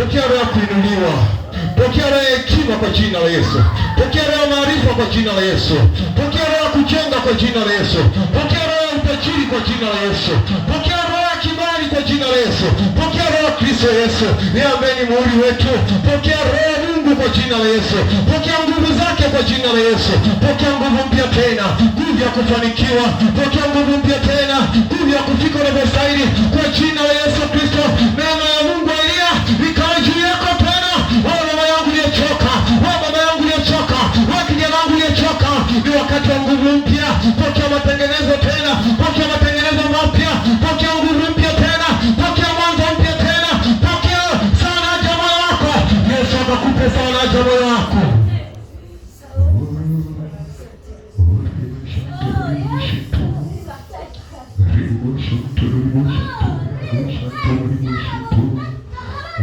Pokea roho ya kuinuliwa, pokea roho ya hekima kwa jina la Yesu, pokea roho ya maarifa kwa jina la Yesu, pokea roho ya kujenga kwa jina la Yesu, pokea roho ya utajiri kwa jina la Yesu, pokea roho ya kibali kwa jina la Yesu, pokea roho ya Kristo Yesu, niambeni muhuri wetu, pokea roho Mungu kwa jina la Yesu, pokea nguvu zake kwa jina la Yesu, pokea nguvu mpya tena, nguvu ya kufanikiwa, pokea nguvu mpya tena, nguvu ya kufika unavyostahili kwa jina la Yesu Kristo. wakati wa nguvu mpya. Pokea matengenezo tena, pokea matengenezo mapya, pokea nguvu mpya tena, pokea mwanzo mpya tena, pokea sana jamaa wako. Yesu akakupe sana jamaa wako.